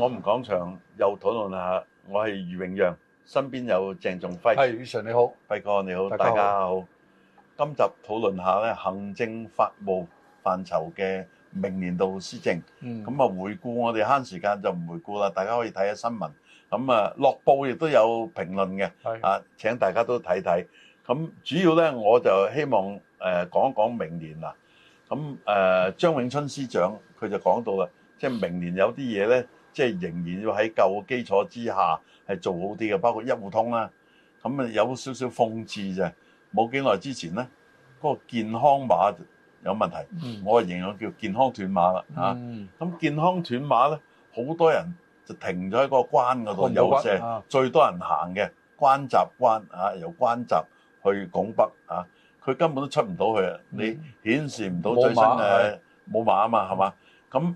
我哋講場，又討論下。我係余榮讓，身邊有鄭仲輝。係宇常你好，輝哥你好，大家好。今集討論下咧行政法務範疇嘅明年度施政，咁啊回顧我哋慳時間就唔回顧啦。大家可以睇下新聞，咁啊樂報亦都有評論嘅，啊請大家都睇睇。咁主要咧，我就希望誒講一講明年啦。咁誒張永春司長佢就講到啦，即係明年有啲嘢咧。即係仍然要喺舊嘅基礎之下係做好啲嘅，包括一戶通啦。咁啊有少少諷刺啫，冇幾耐之前咧，嗰、那個健康碼有問題，嗯、我係形容叫健康斷碼啦嚇。咁、嗯啊、健康斷碼咧，好多人就停咗喺個關嗰度，有、嗯、嘅最多人行嘅關閘關嚇、啊，由關閘去拱北嚇，佢、啊、根本都出唔到去了、嗯，你顯示唔到最新嘅冇碼啊嘛，係嘛？咁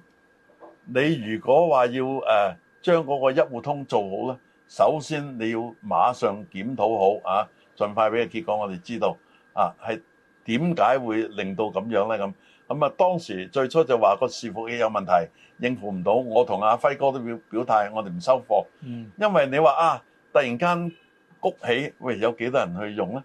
你如果話要誒將嗰個一戶通做好咧，首先你要馬上檢討好啊，盡快俾個結果我哋知道啊，係點解會令到咁樣咧？咁咁啊，當時最初就話個伺服器有問題，應付唔到，我同阿輝哥都表表態，我哋唔收貨，嗯，因為你話啊，突然間谷起，喂，有幾多人去用咧？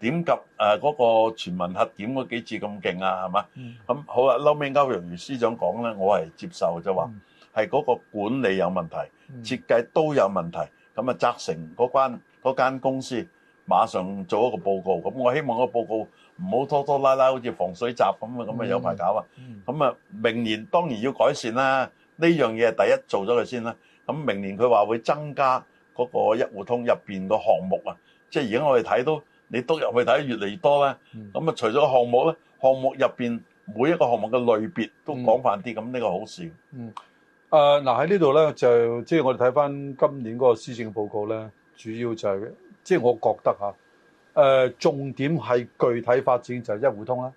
點及誒嗰個全民核點核檢嗰幾次咁勁啊？係嘛？咁好啦。嬲尾歐陽瑜司長講咧，我係接受就話係嗰個管理有問題，設計都有問題。咁啊，責成嗰班嗰間公司馬上做一個報告。咁我希望個報告唔好拖拖拉拉，好似防水閘咁啊，咁啊有排搞啊。咁啊，明年當然要改善啦。呢樣嘢第一做咗佢先啦。咁明年佢話會增加嗰個一戶通入面個項目啊，即係而家我哋睇都。你都入去睇越嚟越多啦，咁、嗯、啊除咗項目咧，項目入邊每一個項目嘅類別都廣泛啲，咁、嗯、呢、這個好事。嗯，誒嗱喺呢度咧就即係、就是、我哋睇翻今年嗰個施政報告咧，主要就係即係我覺得嚇誒、呃、重點係具體發展就係、是、一戶通啦，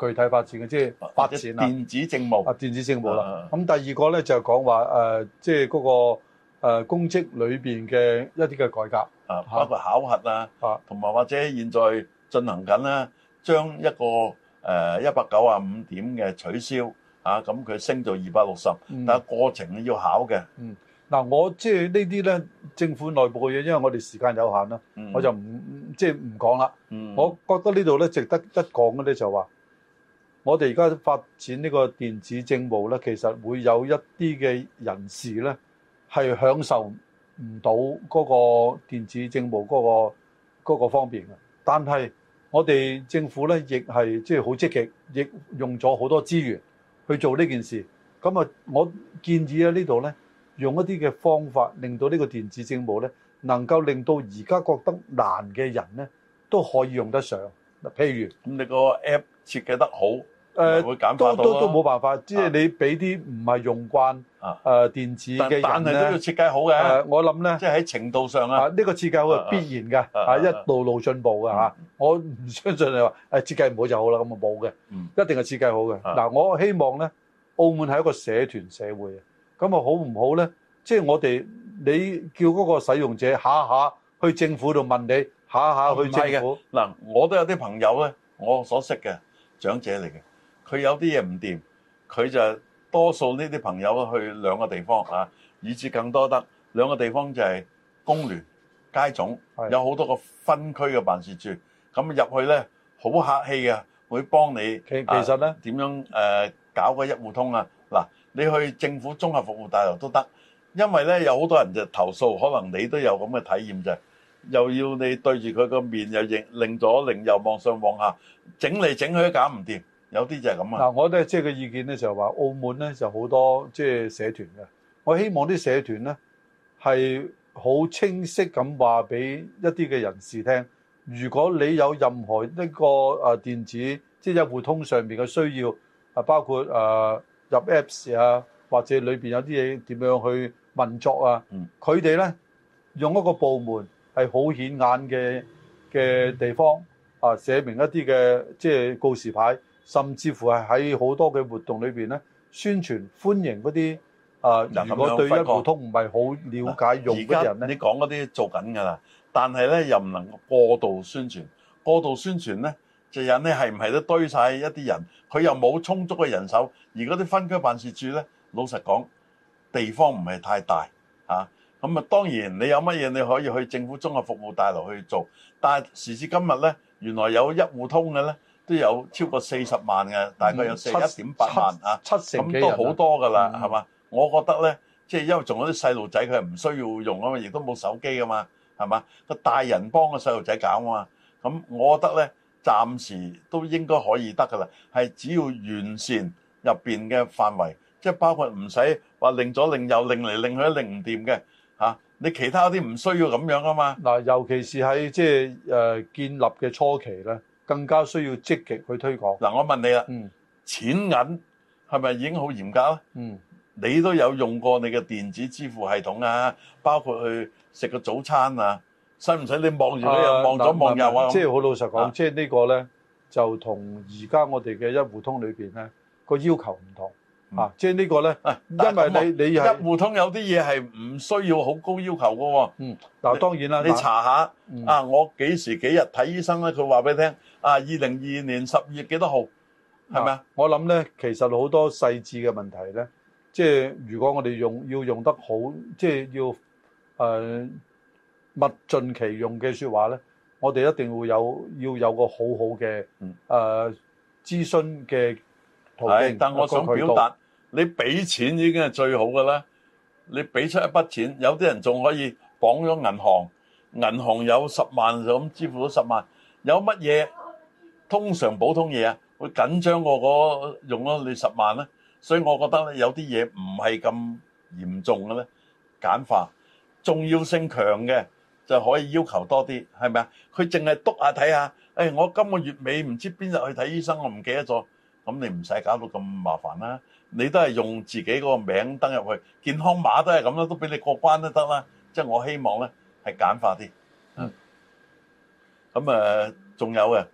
具體發展嘅即係發展電子政務啊，電子政務啦。咁、啊、第二個咧就係講話誒，即係嗰個、呃、公職裏邊嘅一啲嘅改革。啊，包括考核啊，同、啊、埋或者現在進行緊咧，將一個誒一百九十五點嘅取消啊，咁佢升到二百六十，但係過程要考嘅。嗯，嗱、嗯，我即係呢啲咧，政府內部嘅嘢，因為我哋時間有限啦，我就唔即係唔講啦、嗯。我覺得這裡呢度咧值得一講嘅咧就話、是，我哋而家發展呢個電子政務咧，其實會有一啲嘅人士咧係享受唔到嗰個電子政務嗰、嗰個嗰、嗰個方便嘅，但係我哋政府咧亦係即係好積極，亦、就是、用咗好多資源去做呢件事。咁啊，我建議咧呢度咧，用一啲嘅方法，令到呢個電子政務咧，能夠令到而家覺得難嘅人咧，都可以用得上。譬如咁，嗱你嗰個 app 設計得好。誒、呃，都都都冇辦法，啊、即係你俾啲唔係用慣誒電子嘅人、啊、但係都要設計好嘅、呃。我諗咧，即係喺程度上啊，呢、呢個設計好係必然嘅啊，啊一路路進步嘅吓、嗯。我唔相信你話誒設計唔好就好啦，咁啊冇嘅，一定係設計好嘅。嗱、啊啊，我希望咧，澳門係一個社團社會啊，咁啊好唔好咧？即係我哋你叫嗰個使用者下下去政府度問你下下去政府，嗱、啊，我都有啲朋友咧，我所識嘅長者嚟嘅。佢有啲嘢唔掂，佢就多數呢啲朋友去兩個地方啊，以至更多得兩個地方就係工聯、街總有好多個分區嘅辦事處，咁入去咧好客氣嘅，會幫你其實咧點樣誒搞個一戶通啊？嗱，你去政府綜合服務大樓都得，因為咧有好多人就投訴，可能你都有咁嘅體驗就係又要你對住佢個面又認令左令右，望上望下整嚟整去都搞唔掂。有啲就係咁啊！嗱，我咧即係嘅意見咧就係話，澳門咧就好多即係社團嘅。我希望啲社團咧係好清晰咁話俾一啲嘅人士聽。如果你有任何一個誒電子即係、就是、一戶通上邊嘅需要啊，包括誒入 Apps 啊，或者裏邊有啲嘢點樣去運作啊，佢哋咧用一個部門係好顯眼嘅嘅地方啊，寫明一啲嘅即係告示牌。甚至乎係喺好多嘅活動裏邊咧，宣傳歡迎嗰啲啊，如果對一戶通唔係好了解用嘅人咧，而家你講嗰啲做緊㗎啦，但係咧又唔能夠過度宣傳，過度宣傳咧就引你係唔係都堆晒一啲人，佢又冇充足嘅人手，而嗰啲分區辦事處咧，老實講地方唔係太大嚇，咁啊當然你有乜嘢你可以去政府綜合服務大樓去做，但係時至今日咧，原來有一戶通嘅咧。都有超過四十萬嘅、嗯，大概有、四十一點八萬啊，七成，咁都好多噶啦，係、嗯、嘛？我覺得咧，即、就、係、是、因為仲有啲細路仔佢唔需要用啊嘛，亦都冇手機啊嘛，係嘛？個大人幫個細路仔搞啊嘛，咁我覺得咧，暫時都應該可以得噶啦，係只要完善入面嘅範圍，即、就、係、是、包括唔使話令左、令右令嚟令去令唔掂嘅嚇，你其他啲唔需要咁樣啊嘛。嗱，尤其是喺即係建立嘅初期咧。更加需要積極去推廣。嗱，我問你啦，嗯，錢銀係咪已經好嚴格啦？嗯，你都有用過你嘅電子支付系統啊，包括去食個早餐啊，使唔使你望住你又望左望右啊？即係好老實講，即係呢個咧就同而家我哋嘅一戶通裏面咧個要求唔同。嗯、啊，即、這、係、個、呢個咧，因為你是你係一戶通有啲嘢係唔需要好高要求嘅喎、啊。嗯。嗱，當然啦、啊，你查一下、嗯、啊，我幾時幾日睇醫生咧？佢話俾你聽啊，二零二二年十二月幾多號？係咪啊？我諗咧，其實好多細緻嘅問題咧，即係如果我哋用要用得好，即係要誒、呃、物盡其用嘅説話咧，我哋一定會有要有個好好嘅誒諮詢嘅。呃係，但我想表達，你俾錢已經係最好嘅啦。你俾出一筆錢，有啲人仲可以綁咗銀行，銀行有十萬就咁支付咗十萬。有乜嘢？通常普通嘢啊，會緊張過嗰用咗你十萬咧。所以我覺得咧，有啲嘢唔係咁嚴重嘅咧，簡化重要性強嘅就可以要求多啲，係咪啊？佢淨係督下睇下，誒、哎，我今個月尾唔知邊日去睇醫生，我唔記得咗。咁你唔使搞到咁麻煩啦，你都係用自己嗰個名登入去，健康碼都係咁都俾你過關都得啦。即係我希望咧係簡化啲。嗯，咁啊，仲有嘅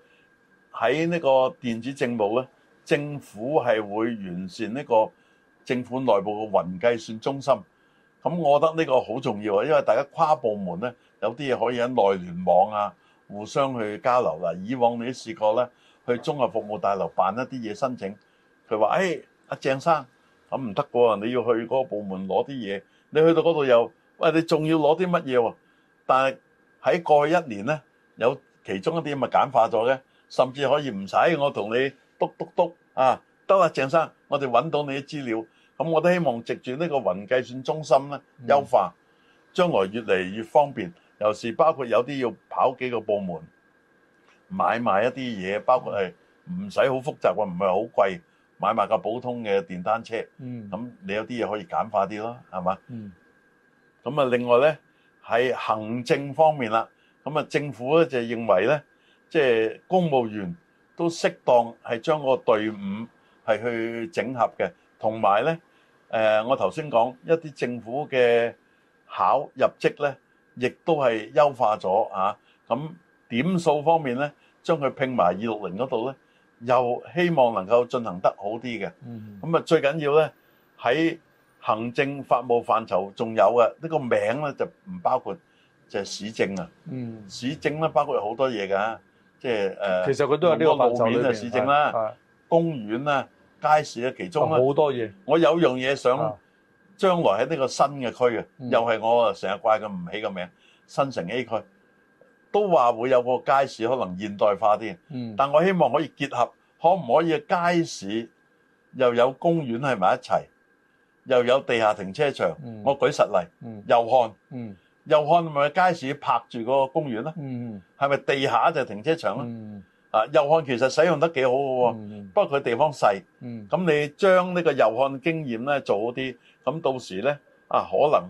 喺呢個電子政務咧，政府係會完善呢個政府內部嘅雲計算中心。咁我覺得呢個好重要，因為大家跨部門咧有啲嘢可以喺內聯網啊互相去交流。嗱，以往你都試過咧。去綜合服務大樓辦一啲嘢申請，佢話：誒、哎，阿、啊、鄭生，咁唔得過你要去嗰個部門攞啲嘢，你去到嗰度又，喂，你仲要攞啲乜嘢喎？但係喺過去一年咧，有其中一啲咪簡化咗嘅，甚至可以唔使我同你督督督。啊，得啦，鄭生，我哋揾到你嘅資料，咁我都希望藉住呢個雲計算中心咧優、嗯、化，將來越嚟越方便，尤其是包括有啲要跑幾個部門。買賣一啲嘢，包括係唔使好複雜喎，唔係好貴，買埋個普通嘅電單車。咁你有啲嘢可以簡化啲咯，係嘛？咁啊，另外咧喺行政方面啦，咁啊政府咧就認為咧，即係公務員都適當係將個隊伍係去整合嘅，同埋咧誒，我頭先講一啲政府嘅考入職咧，亦都係優化咗啊，咁。點數方面咧，將佢拼埋二六零嗰度咧，又希望能夠進行得好啲嘅。咁、嗯、啊，最緊要咧喺行政法務範疇仲有嘅呢、呢個名咧就唔包括就係、是、市政啊、嗯。市政咧包括好多嘢㗎，即係誒。其實佢都有呢個路面市政啦，公園啦、街市啦，其中好多嘢。我有樣嘢想將來喺呢個新嘅區啊、嗯，又係我成日怪佢唔起個名，新城 A 區。都話會有個街市，可能現代化啲。嗯，但我希望可以結合，可唔可以街市又有公園喺埋一齊，又有地下停車場？嗯、我舉實例，祐、嗯、漢。嗯，祐漢係咪街市拍住個公園呢？嗯嗯，係咪地下就停車場咧、嗯？啊祐漢其實使用得幾好嘅喎、嗯。不過佢地方細。嗯，咁你將呢個祐漢經驗咧做好啲，咁到時咧啊可能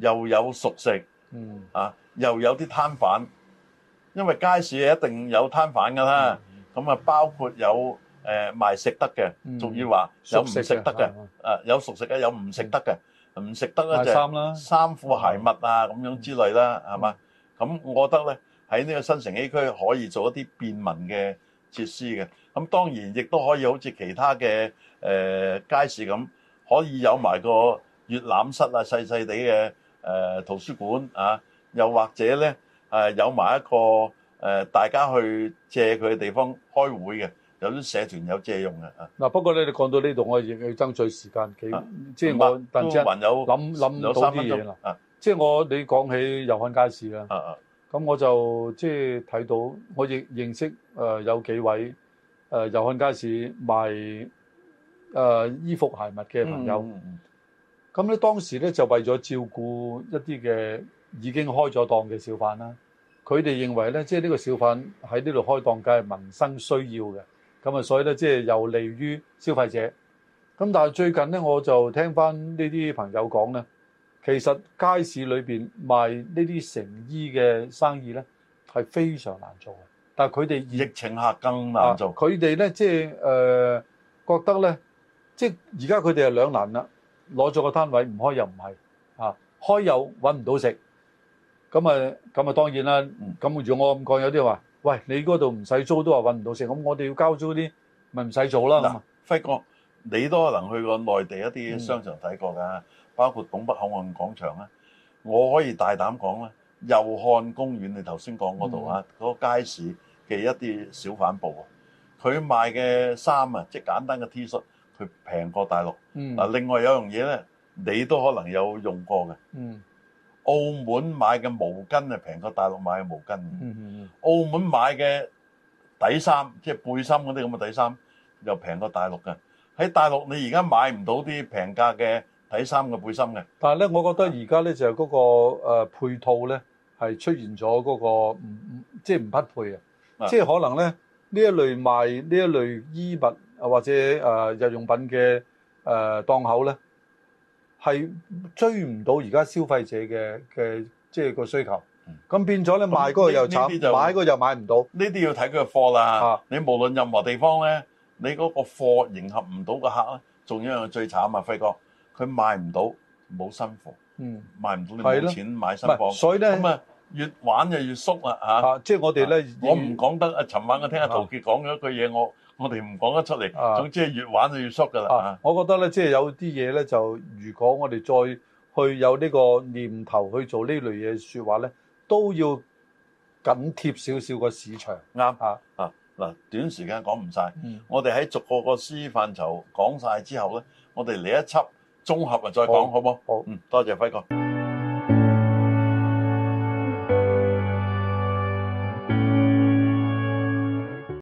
又有熟食。嗯，啊又有啲攤販。因為街市一定有攤販噶啦，咁啊包括有誒賣食得嘅，仲要話有唔食得嘅，誒有熟食嘅，有唔食得嘅，唔食得咧就衫啦，衫褲鞋襪啊咁樣之類啦，係嘛？咁我覺得咧喺呢個新城 A 區可以做一啲便民嘅設施嘅，咁當然亦都可以好似其他嘅誒街市咁，可以有埋個閲覽室啊，細細地嘅誒圖書館啊，又或者咧。誒有埋一個誒，大家去借佢嘅地方開會嘅，有啲社團有借用嘅啊。嗱，不過咧，你講到呢度，我亦要爭取時間，即係我突然間諗諗到啲嘢啦。即係我你講起油漢街市啦，咁我就即係睇到我亦認識誒有幾位誒油漢街市賣誒衣服鞋襪嘅朋友。咁咧當時咧就為咗照顧一啲嘅。已經開咗檔嘅小販啦，佢哋認為咧，即係呢個小販喺呢度開檔，梗係民生需要嘅，咁啊，所以咧，即係有利於消費者。咁但係最近咧，我就聽翻呢啲朋友講咧，其實街市裏邊賣呢啲成衣嘅生意咧，係非常難做嘅。但係佢哋疫情下更難做。佢哋咧，即係誒覺得咧，即係而家佢哋係兩難啦，攞咗個攤位唔開又唔係，啊，開又揾唔到食。咁啊，咁啊，當然啦。咁如果我咁講，有啲話，喂，你嗰度唔使租都話揾唔到食，咁我哋要交租啲，咪唔使做啦。嗱，輝哥，你都可能去過內地一啲商場睇過㗎，包括拱北口岸廣場啦。我可以大膽講啦，佑漢公園你頭先講嗰度啊，嗰個街市嘅一啲小販部啊，佢賣嘅衫啊，即係簡單嘅 T 恤，佢平過大陸。啊，另外有樣嘢咧，你都可能有用過嘅。澳門買嘅毛巾啊，平過大陸買嘅毛巾。澳門買嘅底衫，即係背心嗰啲咁嘅底衫，又平過大陸嘅。喺大陸你而家買唔到啲平價嘅底衫嘅背心嘅。但係咧，我覺得而家咧就嗰個誒配套咧係出現咗嗰個唔唔即係唔匹配啊！即係可能咧呢一類賣呢一類衣物啊或者誒日用品嘅誒檔口咧。係追唔到而家消費者嘅嘅即係個需求，咁變咗你賣個又慘，嗯、就買個又買唔到。呢啲要睇佢貨啦、啊。你無論任何地方咧，你嗰個貨迎合唔到個客咧，仲有一樣最慘啊，輝哥，佢賣唔到冇新貨，賣唔到你冇錢買新貨。啊、新貨所以咧咁啊，越玩就越縮啦嚇。即係、啊就是、我哋咧、啊，我唔講得啊。尋晚我聽阿陶傑講咗一句嘢我。我哋唔講得出嚟、啊，總之係越玩就越縮噶啦、啊啊。我覺得咧，即係有啲嘢咧，就如果我哋再去有呢個念頭去做類呢類嘢說話咧，都要緊貼少少個市場。啱嚇啊！嗱、啊啊啊，短時間講唔晒。我哋喺逐個個司法範疇講晒之後咧，我哋嚟一輯綜合啊，再講好唔好？好，好，好嗯，多謝輝哥。